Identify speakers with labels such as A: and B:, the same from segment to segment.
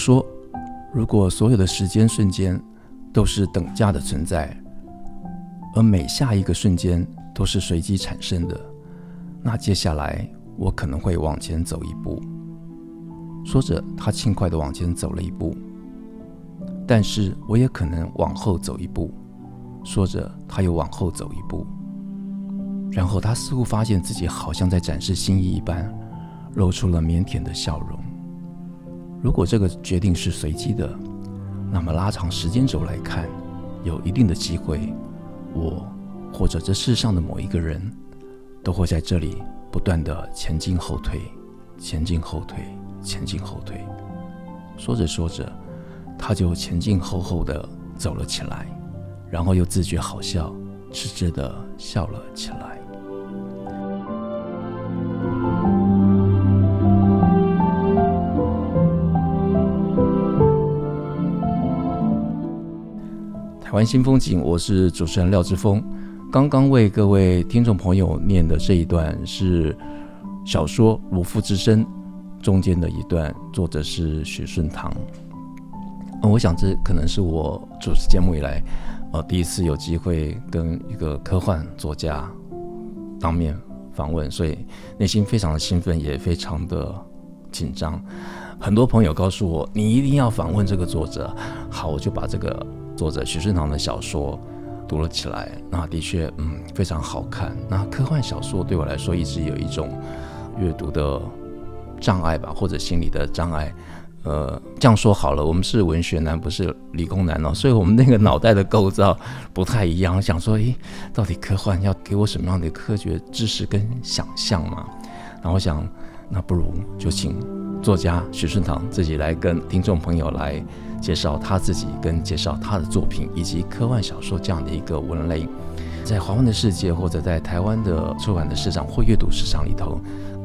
A: 說：“如果所有的時間瞬間都是等價的存在，而每下一個瞬間都是隨機產生的，那接下來我可能會往前走一步。”說着，他輕快的往前走了一步。“但是我也可能往後走一步。”說着，他又往後走一步。然後他似乎發現自己好像在展示心意一般，露出了腼腆的笑容。如果這個決定是隨機的，那麼拉長時間軸來看，有一定的機會我，我或者這世上的某一個人，都會在這裡不斷的前進後退，前進後退，前進後退。說着說着，他就前進後後的走了起來，然後又自覺好笑，痴痴的笑了起來。台灣新風景，我是主持人廖志峰。剛剛為各位聽眾朋友念的這一段是小說《如膚之深》，中間的一段，作者是許順鏜、嗯。我想這可能是我主持節目以來呃第一次有機會跟一個科幻作家當面訪問，所以內心非常的興奮，也非常的緊張。很多朋友告訴我，你一定要訪問這個作者。好，我就把這個。作者許順鏜的小說讀了起來，那的確，嗯，非常好看。那科幻小說對我來說，一直有一種閱讀的障礙吧，或者心理的障礙。呃，這樣說好了，我們是文學男，不是理工男哦，所以我們那個腦袋的構造不太一樣。想說，誒，到底科幻要給我什麼樣的科學知識跟想象嘛？然後我想。那不如就請作家許順鏜自己來跟聽眾朋友來介紹他自己，跟介紹他的作品，以及科幻小說這樣的一個文類，在華文的世界，或者在台灣的出版的市場或閱讀市場裡頭，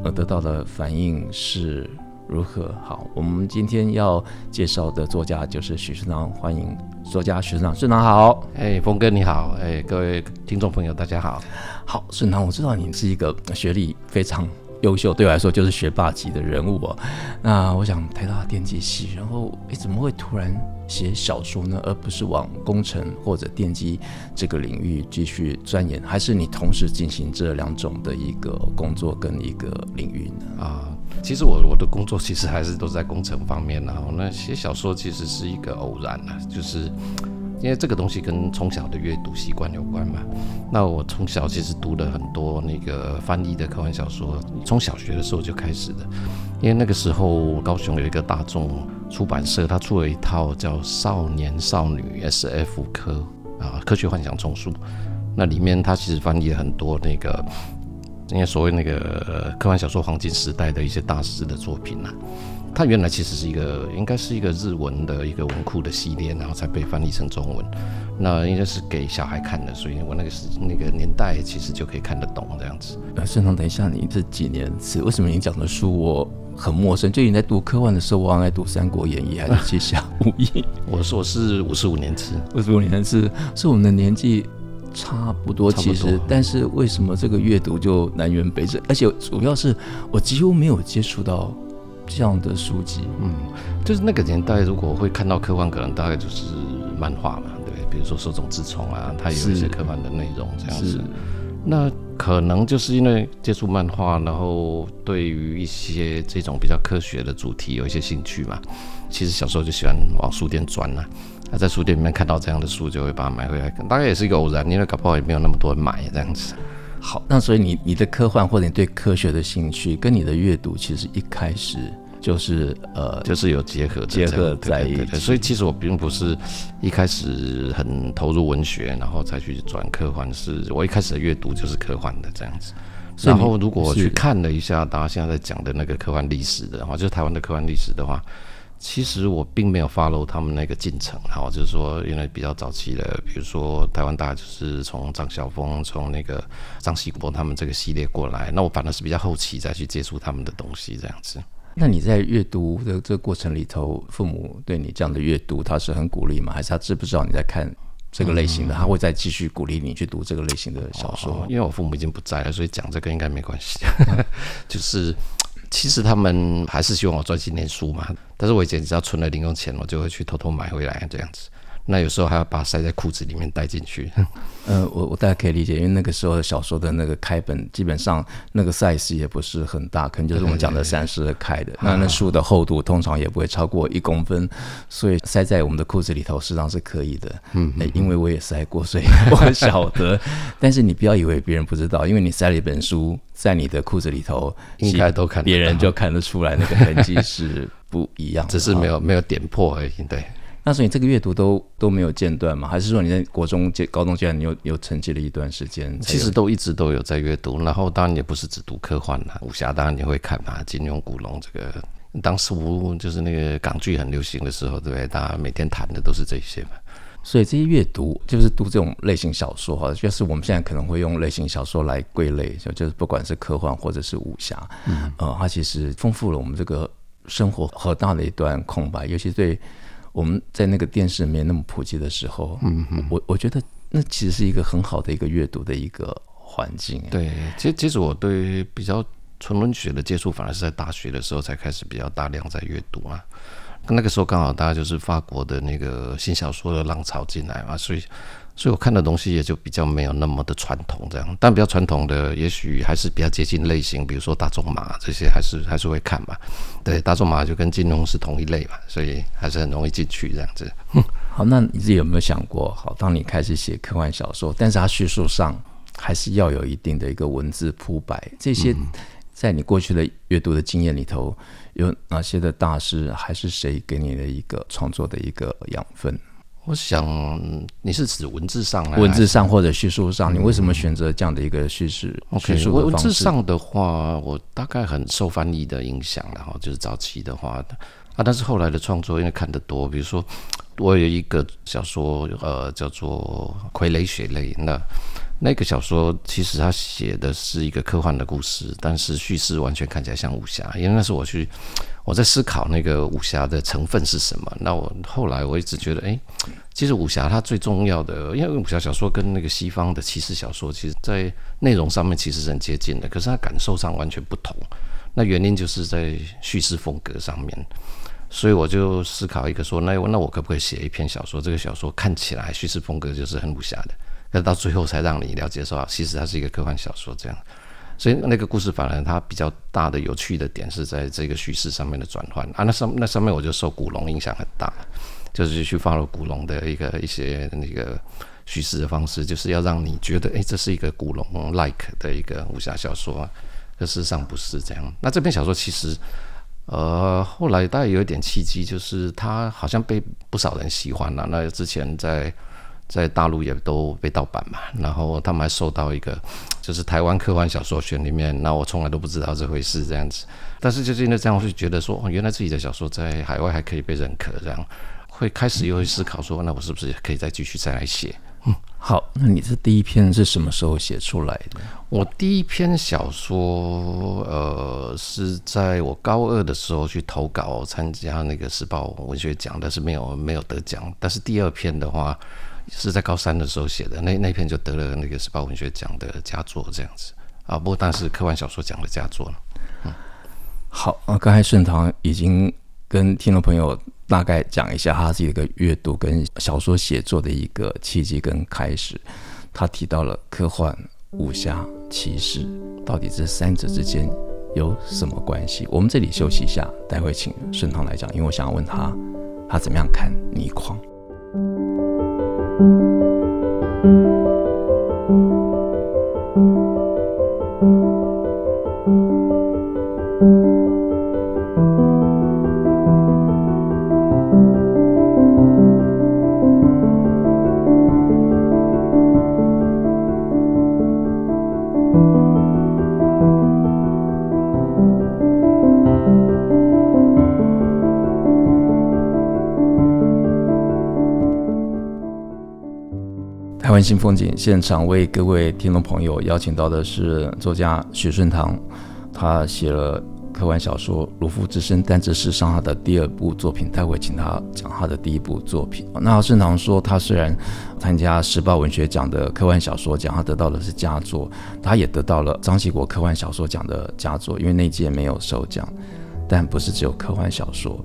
A: 呃，得到的反應是如何？好，我們今天要介紹的作家就是許順鏜，歡迎作家許順鏜，順鏜好。哎，峰哥你好。哎，各位聽眾朋友大家好。好，順鏜，我知道你是一個學歷非常。優秀對我來說就是學霸級的人物啊、喔。那我想台大電機系，然後誒、欸，怎麼會突然寫小說呢？而不是往工程或者電機這個領域繼續鑽研？還是你同時進行這兩種的一個工作跟一個領域呢？啊、呃，其實我我
B: 的工作其實還是都在工程方面、啊，然後那寫小說其實是一個偶然了、啊，就是。因為這個東西跟從小的閱讀習慣有關嘛。那我從小其實讀了很多那個翻譯的科幻小說，從小學的時候就開始的。因為那個時候高雄有一個大眾出版社，他出了一套叫《少年少女 S.F. 科啊科，科學幻想叢書》，那裡面他其實翻譯了很多那個，因為所謂那個科幻小說黃金時代的一些大師的作品啦、啊。它原來其實是一個，應該是一個日文的一個文庫的系列，然後才被翻譯成中文。那應該是給小孩看的，所以我那個時那個年代其實
A: 就可以看得懂這樣子。呃、啊，順鏜，等一下，你是幾年次？為什麼你講的書我很陌生。就你在讀科幻的時候，我剛在讀《三國演義》還是七《七俠五義》？我我是五十五年次，五十五年次是我們的年紀差不多，其實，但是為什麼這個閱讀就南轅北轍？而且主要是我幾乎沒有接觸到。這樣的書籍，嗯，就是那個年代，如果會看到科幻，可能大概就是
B: 漫畫嘛，對不對？比如說《手冢治蟲》啊，他有一些科幻的內容這樣子。那可能就是因為接觸漫畫，然後對於一些這種比較科學的主題有一些興趣嘛。其實小時候就喜歡往書店鑽吶、啊，那在書店裡面看到這樣的書，就會把它買回來。大概也是一個偶然，因為搞不好也沒有那麼多人買這樣子。
A: 好，那所以你你的科幻或者你對科學的興趣跟你的閱讀其實一開始就是呃就是有結合結合在一起的。對對對，所以其
B: 實我並不是一開始很投入文學，然後再去轉科幻是，是我一開始的閱讀就是科幻的這樣子。然後如果去看了一下大家現在在講的那個科幻歷史的話，就是台灣的科幻歷史的話，其實我並沒有 follow 他們那個進程，然後就是說，因為比較早期的，比如說台灣，大概就是從張曉風、從那個張系國他們這個系列過來。那我反而是比較後期再去接觸他們的東西，這樣子。
A: 那你在閱讀的這個過程裡頭，父母對你這樣的閱讀，他是很鼓勵嗎？還是他知不知道你在看這個類型的？嗯、他會再繼續鼓勵你去讀這個類型的小說、哦？因為我父
B: 母已經不在了，所以講這個應該沒關係。 就是。其實他們還是希望我專心念書嘛，但是我以前只要存了零用錢，我就會去偷偷買回來這樣子。
A: 那有時候還要把它塞在褲子裡面帶進去。呃，我我大概可以理解，因為那個時候小說的那個開本基本上那個 size 也不是很大，可能就是我們講的三十二開的。對對對，那那書的厚度通常也不會超過一公分，好好，所以塞在我們的褲子裡頭，實際上是可以的。嗯，嗯，那、欸、因為我也塞過，所以我很曉得。 但是你不要以為別人不知道，因為你塞了一本書在你的褲子裡頭，應該都看得到，別人就看得出來那個痕跡是不一樣， 只是沒有沒有點破而已。對。那是你這個閱讀都都沒有間斷嗎？還是說你在國中、高中階段你又又沉寂了一段時間？其實都一直都有在閱讀，然後當然也不是只讀科幻啦，武俠當然你會看啊，金庸、古龍這個
B: 當時無就是那個港劇很流行的時候，對不對？大家每天談的都是這些嘛。
A: 所以這些閱讀就是讀這種類型小說哈，就是我們現在可能會用類型小說來歸類，就就是不管是科幻或者是武俠，嗯，呃，它其實豐富了我們這個生活很大的一段空白，尤其對。我們在那個電視沒那麼普及的時候，嗯、我我覺得那其實是一個很好的一個閱讀的一個環
B: 境，欸。對，其實其實我對比較純文學的接觸，反而是在大學的時候才開始比較大量在閱讀啊。那個時候剛好大家就是法國的那個新小說的浪潮進來嘛，所以。所以我看的東西也就比較沒有那麼的傳統這樣，但比較傳統的也許還是比較接近類型，比如說大仲馬這些還是還是會看吧。
A: 對，大仲馬就跟金融是同一類嘛，所以還是很容易進去這樣子。嗯、好，那你自己有沒有想過，好，當你開始寫科幻小說，但是它敘述上還是要有一定的一個文字鋪白，這些在你過去的閱讀的經驗裡頭有哪些的大師，還是誰給你的一個創作的一個養分？我想，
B: 你是指文字上，文字上
A: 或者敘述上、嗯，你為什麼選擇這樣的一個
B: 敘事、敘、嗯、述的方式？文字上的話，我大概很受翻譯的影響，然後就是早期的話，啊，但是後來的創作因為看得多，比如說我有一個小說，呃，叫做《傀儡血淚》那。那個小說其實它寫的是一個科幻的故事，但是敘事完全看起來像武俠，因為那是我去我在思考那個武俠的成分是什麼。那我後來我一直覺得，哎、欸，其實武俠它最重要的，因為武俠小說跟那個西方的騎士小說，其實在內容上面其實是很接近的，可是它感受上完全不同。那原因就是在敘事風格上面。所以我就思考一個說，那那我可不可以寫一篇小說？這個小說看起來敘事風格就是很武俠的，可是到最後才讓你了解說，其實它是一個科幻小說這樣。所以那個故事反而它比較大的有趣的點是在這個敘事上面的轉換啊。那上那上面我就受古龍影響很大，就是去放入古龍的一個一些那個敘事的方式，就是要讓你覺得哎、欸，這是一個古龍 like 的一個武俠小說，可事實上不是這樣。那這篇小說其實。呃，後來大概有一點契機，就是他好像被不少人喜歡了啊。那之前在在大陸也都被盜版嘛，然後他們還收到一個，就是台灣科幻小說選裡面，那我從來都不知道這回事這樣子。但是就是因為這樣，我就覺得說，哦，原來自己的小說在海外還可以被認可，這樣會開始又會思考說，那我是不是也可以再繼續再來寫？
A: 好，那你這第一篇是什麼時候寫出來的？
B: 我第一篇小說，呃，是在我高二的時候去投稿參加那個時報文學獎，但是沒有沒有得獎。但是第二篇的話，是在高三的時候寫的，那那篇就得了那個時報文學獎的佳作這樣子啊。不過，但是科幻小說獎的佳作了、嗯。
A: 好啊，剛才順鏜已經。跟聽眾朋友大概講一下，他自己的閱讀跟小說寫作的一個契機跟開始。他提到了科幻、武俠、騎士，到底這三者之間有什麼關係？我們這裡休息一下，待會請順鏜來講，因為我想要問他，他怎麼樣看倪匡。關心風景現場為各位聽眾朋友邀請到的是作家許順鏜，他寫了科幻小說《如膚之深》，但這是上他的第二部作品。待會請他講他的第一部作品。那順鏜說，他雖然參加時報文學獎的科幻小說獎，他得到的是佳作，他也得到了張系國科幻小說獎的佳作，因為那屆沒有授獎，但不是只有科幻小說。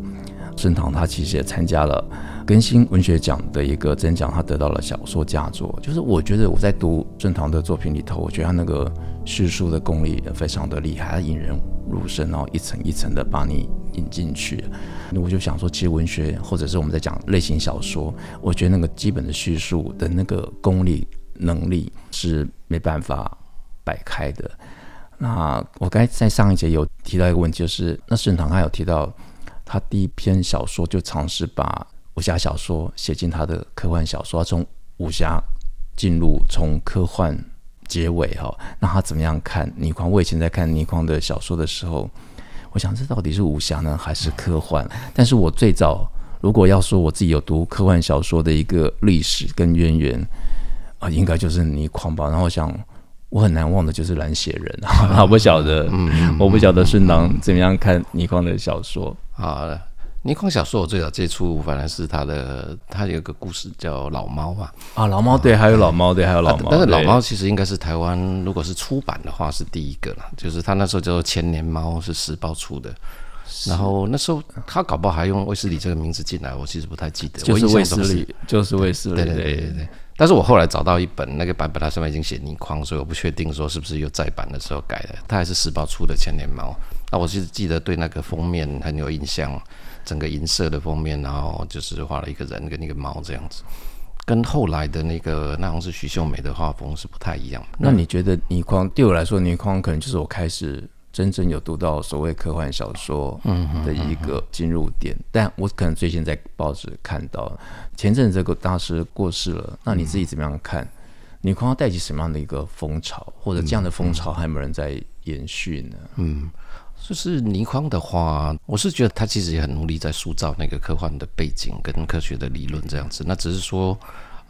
A: 順鏜他其實也參加了更新文學獎的一個徵獎，他得到了小說佳作。就是我覺得我在讀順鏜的作品裡頭，我覺得他那個敘述的功力也非常的厲害，他引人入勝，然後一層一層的把你引進去。我就想說，其實文學或者是我們在講類型小說，我覺得那個基本的敘述的那個功力能力是沒辦法擺開的。那我剛才在上一節有提到一個問題，就是那順鏜他有提到。他第一篇小說就嘗試把武俠小說寫進他的科幻小說，他從武俠進入，從科幻結尾哈。那他怎麼樣看倪匡？我以前在看倪匡的小說的時候，我想這到底是武俠呢，還是科幻？嗯、但是我最早如果要說我自己有讀科幻小說的一個歷史跟淵源啊、呃，應該就是倪匡吧。然後我想我很難忘的就是藍血人我不曉得，嗯嗯嗯我不曉得順鏜怎麼樣看倪匡的小說。好的，倪匡小說我最早接觸，反而是他的，他有個故事
B: 叫《老貓》啊。
A: 啊，《老貓》對，還有《老貓》對，還有《老貓》，但是《老貓》其實應該
B: 是台灣，如果是出版的話是第一個了，就是他那時候叫做《千年貓》，是時報出的。然後那時候他搞不好還用衛斯理這個名字進來，我其實不太記得。就是衛斯理，就是衛斯理，就是。對對對對。對對對對但是我後來找到一本那個版本，它上面已經寫倪匡，所以我不確定說是不是又再版的時候改的。它還是時報出的《千年貓》，那我其實記得對那個封面很有印象，整個銀色的封面，然後就是畫了一個人跟那個貓這樣子，
A: 跟後來的那個那紅是徐秀美的畫風是不太一樣。那，那你覺得倪匡對我來說，倪匡可能就是我開始。真正有讀到所謂科幻小說的一個進入點。嗯哼嗯哼，但我可能最近在報紙看到，前陣子這個大師過世了，那你自己怎麼樣看？倪匡帶起什麼樣的一個風潮，或者這樣的風潮還有沒有人在延續呢？嗯，嗯，嗯，就是倪匡的話，我是
B: 覺得他其實也很努力在塑造那個科幻的背景跟科學的理論這樣子，嗯，那只是說。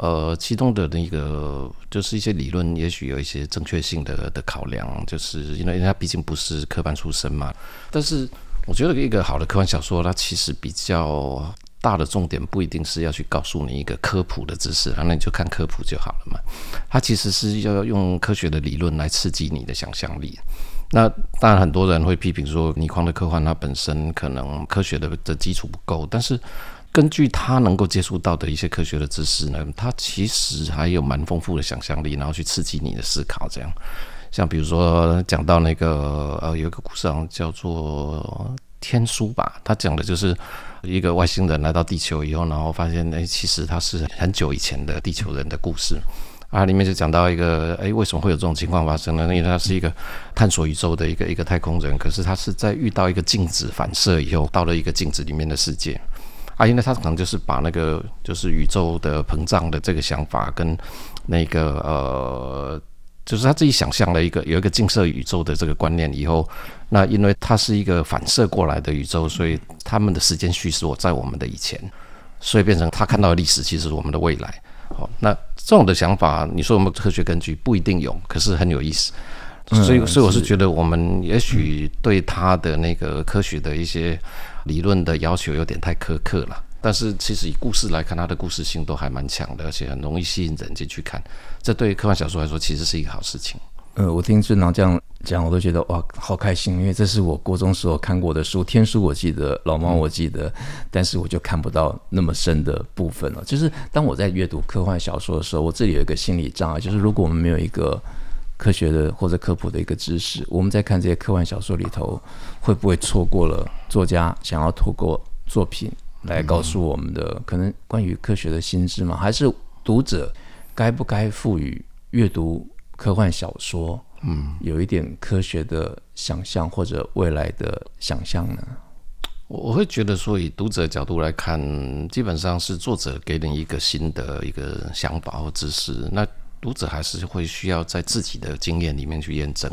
B: 呃，其中的那個就是一些理論，也許有一些正確性的的考量，就是因為他畢竟不是科班出身嘛。但是，我覺得一個好的科幻小說，它其實比較大的重點不一定是要去告訴你一個科普的知識，那你就看科普就好了嘛。它其實是要用科學的理論來刺激你的想象力。那當然，很多人會批評說，倪匡的科幻它本身可能科學的的基礎不夠，但是。根據他能夠接觸到的一些科學的知識呢，他其實還有蠻豐富的想象力，然後去刺激你的思考。這樣，像比如說講到那個呃，有一個故事好像叫做《天書》吧，他講的就是一個外星人來到地球以後，然後發現哎、欸，其實他是很久以前的地球人的故事。啊，裡面就講到一個哎、欸，為什麼會有這種情況發生呢？因為他是一個探索宇宙的一個一個太空人，可是他是在遇到一個鏡子反射以後，到了一個鏡子裡面的世界。啊，因為他可能就是把那個就是宇宙的膨脹的這個想法跟那個呃，就是他自己想象了一個有一個鏡射宇宙的這個觀念以後，那因為它是一個反射過來的宇宙，所以他們的時間虛實在我們的以前，所以變成他看到的歷史其實是我們的未來。好，那這種的想法，你說有沒有科學根據？不一定有，可是很有意思。所以，所以我是覺得我們也許對他的那個科學的一些。理論的要求有點太苛刻了，但是其實以故事來看，它的故事性都還蠻強
A: 的，而且很容易吸引人進去看。這對於科幻小說來說，其實是一個好事情。嗯、呃，我聽順鏜這樣講，我都覺得哇，好開心，因為這是我高中時候看過的書，《天書》我記得，老貓我記得，但是我就看不到那麼深的部分了。就是當我在閱讀科幻小說的時候，我這裡有一個心理障礙，就是如果我們沒有一個科學的或者科普的一個知識，我們在看這些科幻小說裡頭。會不會錯過了作家想要透過作品來告訴我們的、嗯、可能關於科學的心智嗎？還是讀者該不該賦予閱讀科幻小說，嗯，有一點科學的想象或者未來的想象呢？
B: 我、嗯、我會覺得說，以讀者的角度來看，基本上是作者給你一個新的一個想法或知識，那讀者還是會需要在自己的經驗裡面去驗證。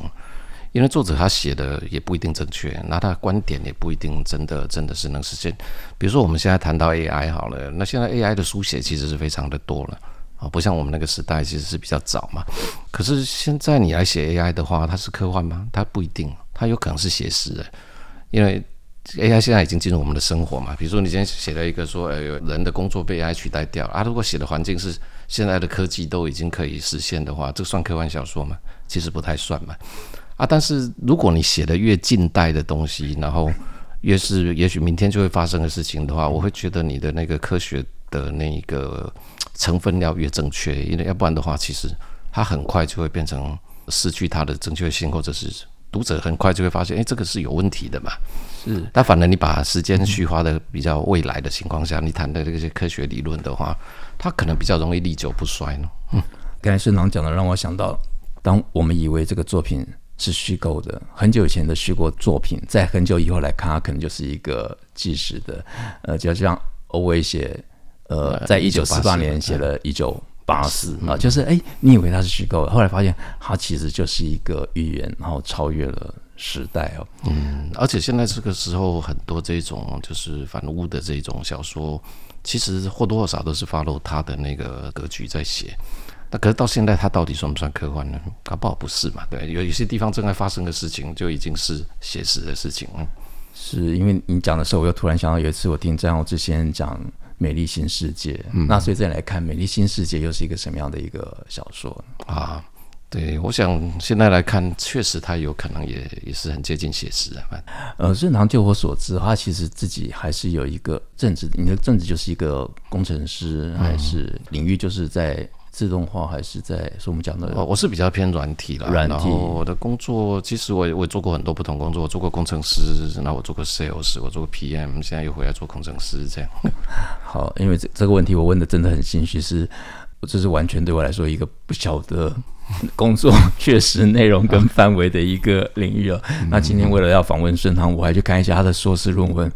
B: 因為作者他寫的也不一定正確，那他的觀點也不一定真的，真的是能實現。比如說我們現在談到 AI 好了，那現在 AI 的書寫其實是非常的多了啊，不像我們那個時代其實是比較早嘛。可是現在你來寫 AI 的話，它是科幻嗎？它不一定，它有可能是寫實的。因為 AI 現在已經進入我們的生活嘛。比如說你今天寫了一個說，呃、哎，人的工作被 AI 取代掉了啊，如果寫的環境是現在的科技都已經可以實現的話，這算科幻小說嗎？其實不太算嘛。啊，但是如果你寫的越近代的東西，然後越是也許明天就會發生的事情的話，我會覺得你的那個科學的那個成分要越正確，因為要不然的話，其實它很快就會變成失去它的正確性，或者是讀者很快就會發現，哎，這個是有問題的嘛。是，但反而你把時間虛化的比較未來的情況下，嗯、你談的這些科學理論的話，它可能比
A: 較容易歷久不衰呢。嗯，剛才順鏜講的讓我想到，當我們以為這個作品，是虛構的，很久以前的虛構作品，在很久以後來看，它可能就是一個紀實的，呃，就像歐威寫，呃，在一九四八年寫了一九八四啊，就是哎、欸，你以為它是虛構的，後來發現它其實就是一個預言，然後超越了時代哦、嗯。嗯，而且現在這個時候，很多這
B: 種就是反烏的這種小說，其實或多或少都是 follow 他的那個格局在寫。那可是到現在，它到底算不算科幻呢？搞不好不是嘛？對，有一些地方正
A: 在發生的事
B: 情，就已經是寫實的事情。嗯，
A: 是因為你講的時候，我又突然想到有一次我聽張浩之前講《美麗新世界》。嗯，那所以再來看《美麗新世界》又是一個什麼樣的一個小說啊？對，我想現在來看，確實它有可能也也是很接近寫實的，反正、嗯、呃，正常就我所知，他其實自己還是有一個正職，你的正職就是一個工程師，嗯、還是領域就是在。自動化還是在，是我們講的。哦，我是比較偏軟體的，軟體，我
B: 的工作其實我我做過很多不同工作，我做過工程師，那我做過 sales，我做過
A: PM，現在又回來做工程師這樣。 好，因為這這個問題我問的真的很心虛，是這、就是完全對我來說一個不曉得工作確實內容跟範圍的一個領域啊、喔。 那今天為了要訪問順鏜，我還去看一下他的碩士論文，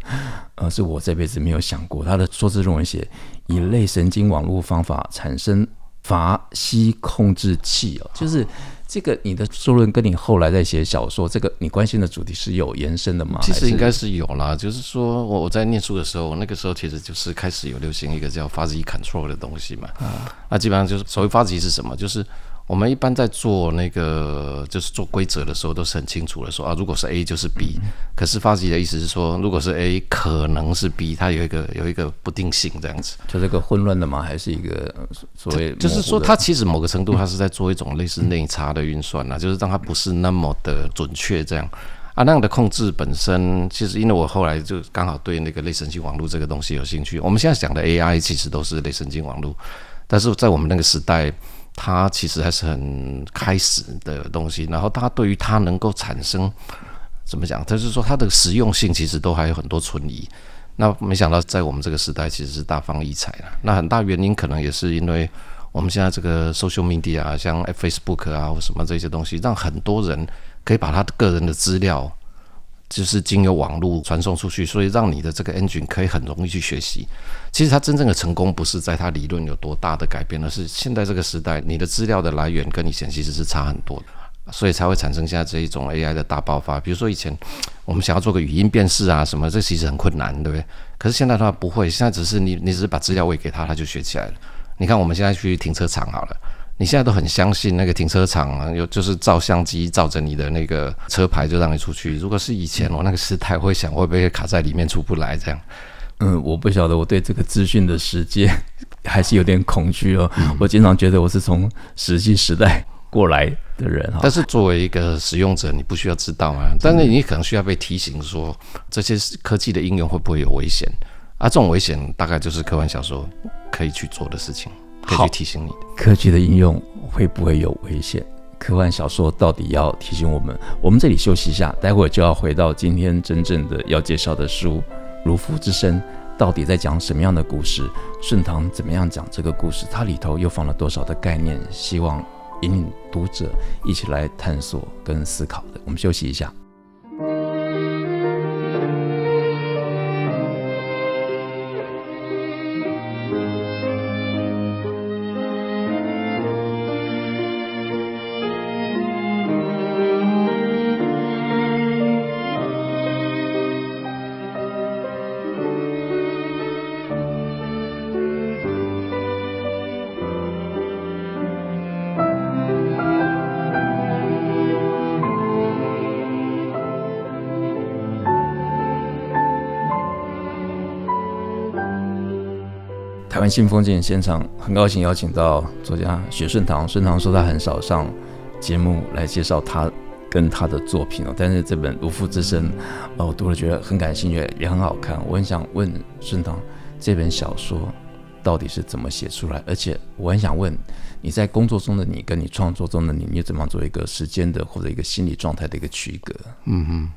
A: 呃，是我這輩子沒有想過他的碩士論文寫以類神經網絡方法產生。Fuzzy 控制器，哦，就是這個你的碩論跟你後來在寫小說，這個你關心的主題是有延伸的嗎？其實應該是有啦，就是說
B: 我我在唸書的時候，我那個時候其實就是開始有流行一個叫 Fuzzy control 的東西嘛，啊，那基本上就是所謂 Fuzzy 是什麼，就是。我們一般在做那個，就是做規則的時候，都是很清楚的，說啊，如果是 A 就是 B。可是 Fuzzy 的意思是說，如果是 A 可能是 B，它有一個有一個不定性，這樣子。就這個混亂的嗎？還是一個所謂？就是說，它其實某個程度，它是在做一種類似內插的運算了、啊，就是讓它不是那麼的準確，這樣啊。那樣的控制本身，其實因為我後來就剛好對那個類神經網絡這個東西有興趣。我們現在講的 AI 其實都是類神經網絡，但是在我們那個時代，它其實還是很開始的東西，然後它對於它能夠產生怎麼講？就是說它的實用性其實都還有很多存疑。那沒想到在我們這個時代其實是大放異彩了。那很大原因可能也是因為我們現在這個 social media 啊，像 Facebook 啊或什麼這些東西，讓很多人可以把他個人的資料。就是經由網絡傳送出去，所以讓你的這個 engine 可以很容易去學習。其實它真正的成功不是在它理論有多大的改變，而是現在這個時代你的資料的來源跟以前其實是差很多的，所以才會產生現在這一種 AI 的大爆發。比如說以前我們想要做個語音辨識啊什麼，這其實很困難，對不對？可是現在的話不會，現在只是你你只是把資料餵給他，他就學起來了。你看我們現在去停車場好了。你現在都很相信那個停車場啊，有就是照相機照着你的那個車牌就讓你出去。如果是以前，我那個時代會想我會不會卡在裡面出不
A: 來這樣。嗯，我不曉得我對這個資訊的時間還是有點恐懼哦。嗯、我經常覺得我是從實際時代過來的人，嗯嗯、但是作為一個
B: 使用者，你不需要知道啊。但是你可能需要被提醒說這些科技的應用會不會有危險啊？這種危險大概就是科幻小說可以去做的事情。
A: 好，提醒你的科技的應用會不會有危險？科幻小說到底要提醒我們？我們這裡休息一下，待會就要回到今天真正的要介紹的書《如膚之深》，到底在講什麼樣的故事？順鏜怎麼樣講這個故事？它裡頭又放了多少的概念？希望引領讀者一起來探索跟思考的。我們休息一下。台灣新風景現場，很高興邀請到作家許順鏜。順鏜說他很少上節目來介紹他跟他的作品哦，但是這本《如膚之深》啊，我讀了覺得很感興趣，也很好看。我很想問順鏜，這本小說到底是怎麼寫出來？而且我很想問你在工作中的你跟你創作中的你，你怎麼做一個時間的或者一個心理狀態的一個區隔？嗯嗯。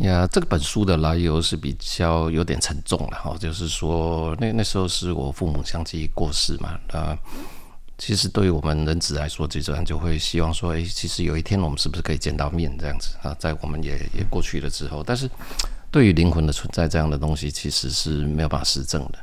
A: 呀，這個本書的來由是比較有
B: 點沉重的。哈、哦，就是說，那那時候是我父母相繼過世嘛，啊，其實對於我們人子來說，就這樣就會希望說，誒,其實有一天我們是不是可以見到面這樣子啊,在我們也也過去了之後，但是對於靈魂的存在這樣的東西，其實是沒有辦法實證的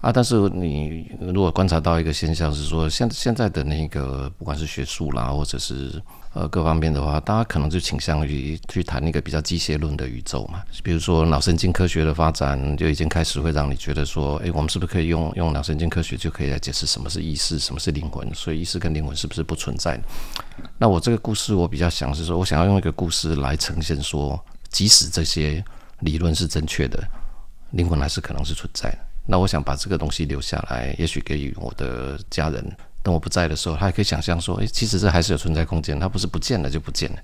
B: 啊。但是你如果觀察到一個現象是說，現現在的那個不管是學術啦，或者是。呃，各方面的話，大家可能就傾向於去談一個比較機械論的宇宙嘛。比如說，腦神經科學的發展就已經開始會讓你覺得說，哎，我們是不是可以用用腦神經科學就可以來解釋什麼是意識，什麼是靈魂？所以，意識跟靈魂是不是不存在？那我這個故事，我比較想是說，我想要用一個故事來呈現說，即使這些理論是正確的，靈魂還是可能是存在的。那我想把這個東西留下來，也許給予我的家人。等我不在的時候，他還可以想象說，誒、欸，其實這還是有存在空間，他不是不見了就不見了。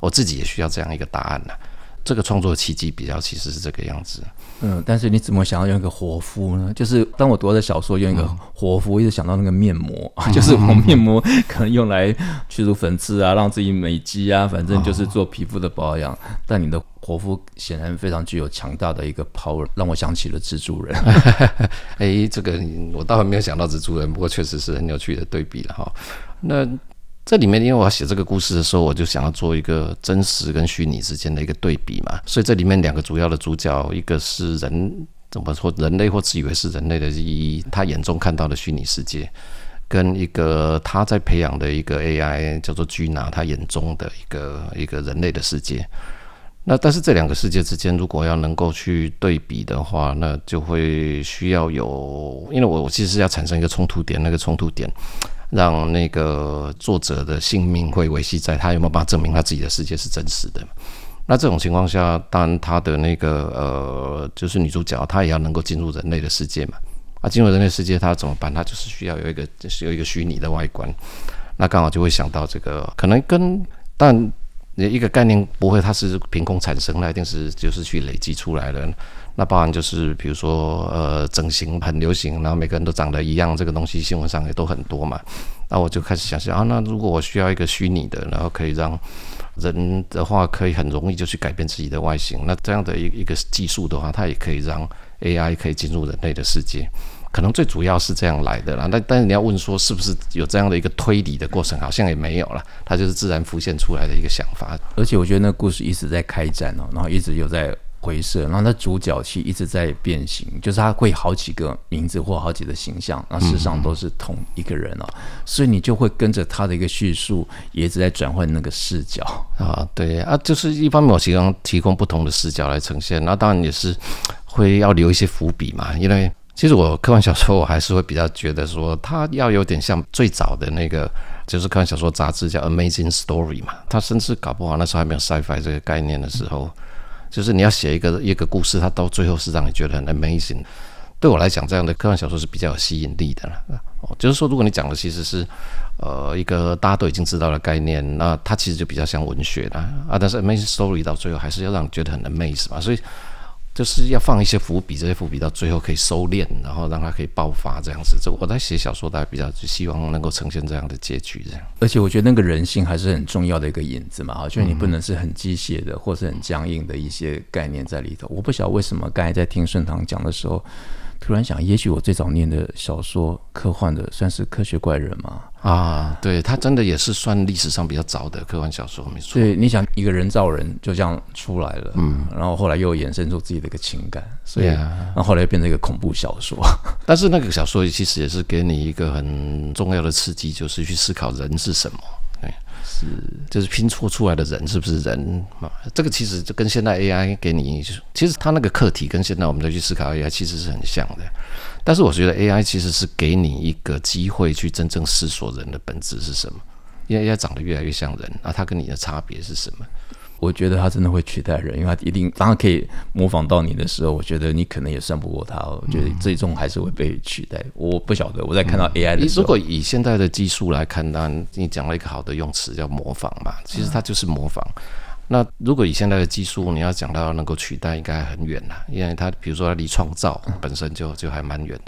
B: 我自己也需要這樣一個答案吶、啊。這個創作的契機比較，其實是這個樣子。
A: 嗯，但是你怎麼想要用一個活膚呢？就是當我讀的小說用一個活膚、嗯，一直想到那個面膜，嗯啊、就是我面膜可能用來去除粉刺啊，讓自己美肌啊，反正就是做皮膚的保養、哦。但你的活膚顯然非常具有強大的一個 power，讓我想起了蜘蛛人。哎，這個我倒還沒有想到蜘蛛人，不過確實是很
B: 有趣的對比了哈。那。這裡面，因為我要寫這個故事的時候，我就想要做一個真實跟虛擬之間的一個對比嘛，所以這裡面兩個主要的主角，一個是人，怎麼說人類或自以為是人類的意義，他眼中看到的虛擬世界，跟一個他在培養的一個 AI 叫做 Gina，他眼中的一個一個人類的世界。那但是這兩個世界之間，如果要能夠去對比的話，那就會需要有，因為我我其實是要產生一個衝突點，那個衝突點。讓那個作者的性命會維繫在他有沒有辦法證明他自己的世界是真實的。那這種情況下，當然他的那個呃，就是女主角，她也要能夠進入人類的世界嘛。啊，進入人類世界她怎麼辦？她就是需要有一個就是有一個虛擬的外觀。那剛好就會想到這個，可能跟但一個概念不會，它是憑空產生，那一定是就是去累積出來的。那包含就是，比如說，呃，整形很流行，然後每個人都長得一樣，這個東西新聞上也都很多嘛。那我就開始想想啊，那如果我需要一個虛擬的，然後可以讓人的話，可以很容易就去改變自己的外形。那這樣的一一個技術的話，它也可以讓 AI 可以進入人類的世界。可能最主要是這樣來的啦。那但是你要問說，是不
A: 是有這樣的一個推理的過程，好像也沒有了。它就是自然浮現出來的一個想法。而且我覺得那故事一直在開展哦，然後一直有在。回色，然後他主角其實一直在變形，就是它會有好幾個名字或好幾個形象，那事實上都是同一個人哦、啊嗯，所以你就會跟着他的一個敘述，也一直在轉換那個視角啊，
B: 對啊，就是一方面我提供提供不同的視角來呈現，那當然也是會要留一些伏筆嘛，因為其實我科幻小說我還是會比較覺得說，它要有點像最早的那個，就是科幻小說雜誌叫 Amazing Story 嘛，它甚至搞不好那時候還沒有 Sci-Fi 這個概念的時候。嗯就是你要寫一個一個故事，它到最後是讓你覺得很 amazing。對我來講，這樣的科幻小說是比較有吸引力的啦哦，就是說，如果你講的其實是呃一個大家都已經知道的概念，那它其實就比較像文學啦啊。但是 amazing story 到最後還是要讓你覺得很 amazing 吧，所以。就是要放一些伏筆，
A: 這些伏筆到最後可以收斂，然後讓它可以爆發這樣子。這我在寫小說，大家比較希望能夠呈現這樣的結局，這樣。而且我覺得那個人性還是很重要的一個影子嘛，哈，就是你不能是很機械的，或是很僵硬的一些概念在裡頭。嗯、我不曉得為什麼剛才在聽順鏜講的時候。突然想，也許我最早念的小說科幻的，算是科學怪人嗎？啊，對，他真的也是算歷史上比較早的科幻小說，沒錯。所以你想一個人造人就這樣出來了，嗯，然後後來又衍生出自己的一個情感，所以、啊，然後後來又變成一個恐怖小說。但是那個小說其實也是給你一個很重
B: 要的刺激，就是去思考人是什麼。就是拼湊出來的人是不是人？這個其實就跟現在 AI 給你，其實它那個課題跟現在我們再去思考 AI 其實是很像的。但是我覺得 AI 其實是給你一個機會去真正
A: 思索人的本質是什麼？因為 AI 長得越來越像人，啊，它跟你的差別是什麼？我覺得它真的會取代人，因為它一定，當他可以模仿到你的時候，我覺得你可能也算不過它。嗯。我覺得最終還是會被取代。我不曉得我在看到 AI 的時候，嗯、如果以現
B: 在的技術來看，那你講了一個好的用詞叫模仿嘛，其實它就是模仿。嗯、那如果以現在的技術，你要講到能夠取代，應該很遠了，啊，因為它比如說它離創造本身就、嗯、就還蠻遠的。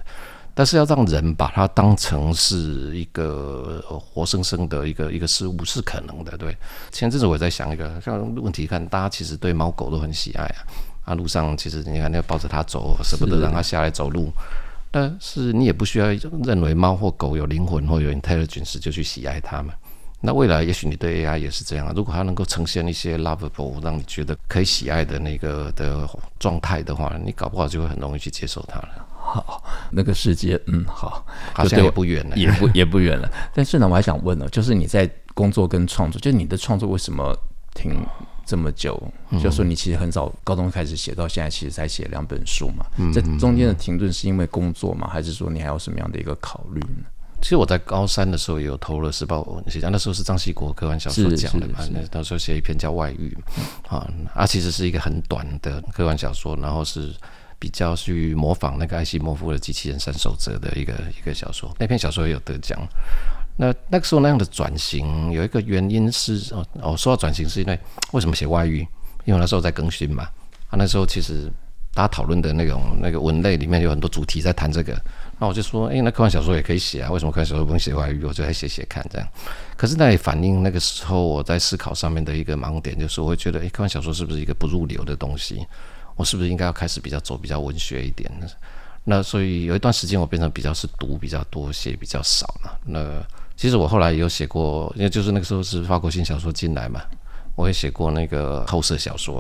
B: 但是要讓人把它當成是一個活生生的一個一個事物是可能的，對。前陣子我也在想一個像問題看，看大家其實對貓狗都很喜愛啊，啊，路上其實你看你要抱着它走，捨不得讓它下來走路。但是你也不需要認為貓或狗有靈魂或有 intelligence 就去喜愛它們。那未來也許你對 AI 也是這樣，啊，如果它能夠呈現一些 lovable，讓你覺得可以喜愛的那個的狀態的話，你搞不好就會很容
A: 易去接受它了。好，那個世界，嗯，好，好像也不遠了，也不也不遠了。 但是呢，我還想問呢，就是你在工作跟創作，就你的創作為什麼停這麼久？嗯、就是、說你其實很早高中開始寫，到現在其實才寫兩本書嘛。嗯，嗯，這中間的停頓是因為工作嗎？還是說你還有什麼樣的一個考慮呢？其實我在高
B: 三的時候也有投了時報，寫那時候是張系國科幻小說獎的嘛。那時候寫一篇叫《外遇》，啊啊，其實是一個很短的科幻小說，然後是。比較去模仿那個艾西莫夫的《機器人三守則》的一個一個小說，那篇小說也有得獎。那那個時候那樣的轉型，有一個原因是哦哦，說到轉型是因為為什麼寫外遇？因為那時候在更新嘛。啊，那時候其實大家討論的那種那個文類裡面有很多主題在談這個，那我就說，誒，那科幻小說也可以寫啊。為什麼科幻小說不用寫外遇？我就來寫寫看這樣。可是那也反映那個時候我在思考上面的一個盲點，就是我會覺得，誒，科幻小說是不是一個不入流的東西？我是不是應該要開始比較走比較文學一點？那所以有一段時間我變成比較是讀比較多，寫比較少了。那其實我後來也有寫過，因為就是那個時候是法國新小說進來嘛，我也寫過
A: 那個後設小說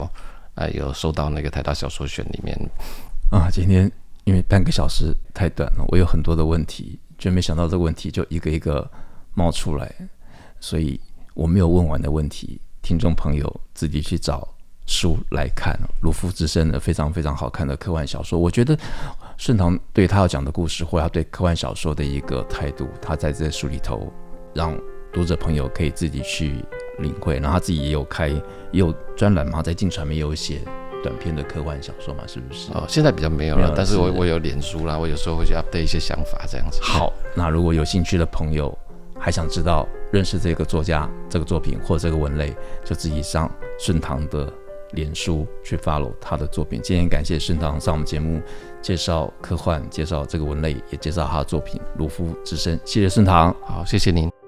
A: 啊、哎，有收到那個台大小說選裡面。啊，今天因為半個小時太短了，我有很多的問題，就沒想到這個問題就一個一個冒出來，所以我沒有問完的問題，聽眾朋友自己去找。書來看《如膚之深》的非常非常好看的科幻小說。我覺得順鏜對他要講的故事或他對科幻小說的一個態度，他在這書裡頭讓讀者朋友可以自己去領會。然後他自己也有開也有專欄嘛，在《鏡傳媒》有寫短篇的科幻小說嘛，是不是？哦，現在比較沒有了。但是我我有臉書啦，我有時候會去 update 一些想法這樣子。好，那如果有興趣的朋友還想知道認識這個作家、這個作品或這個文類，就自己上順鏜的臉書去 follow 他的作品。今天感謝順鏜上我們節目，介紹科幻，介紹這個文類，也介紹他的作品《如膚之深》。謝謝順鏜，好，謝謝您。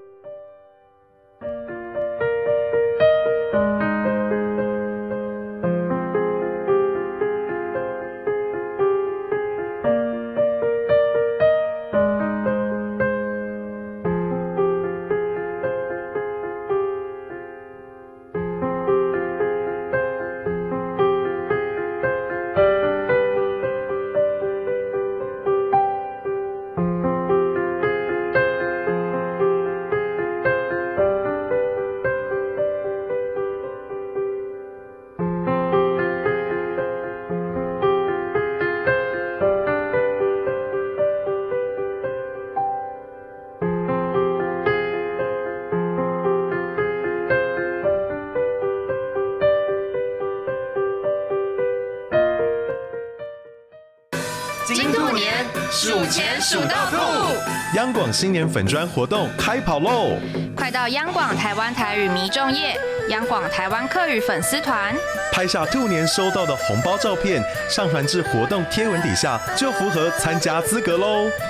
A: 數錢數到吐！央廣新年粉專活動開跑嘍！快到央廣台灣台語迷眾頁、央廣台灣客語粉絲團，拍下兔年收到的紅包照片，上傳至活動貼文底下，就符合參加資格嘍！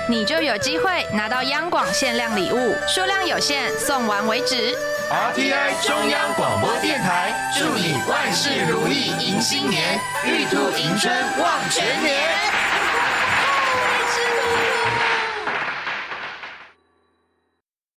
A: 你就有機會拿到央廣限量禮物，數量有限，送完為止。
B: RTI 中央
A: 廣播電台祝
B: 你萬事如意，迎新年，玉兔迎春，旺全年！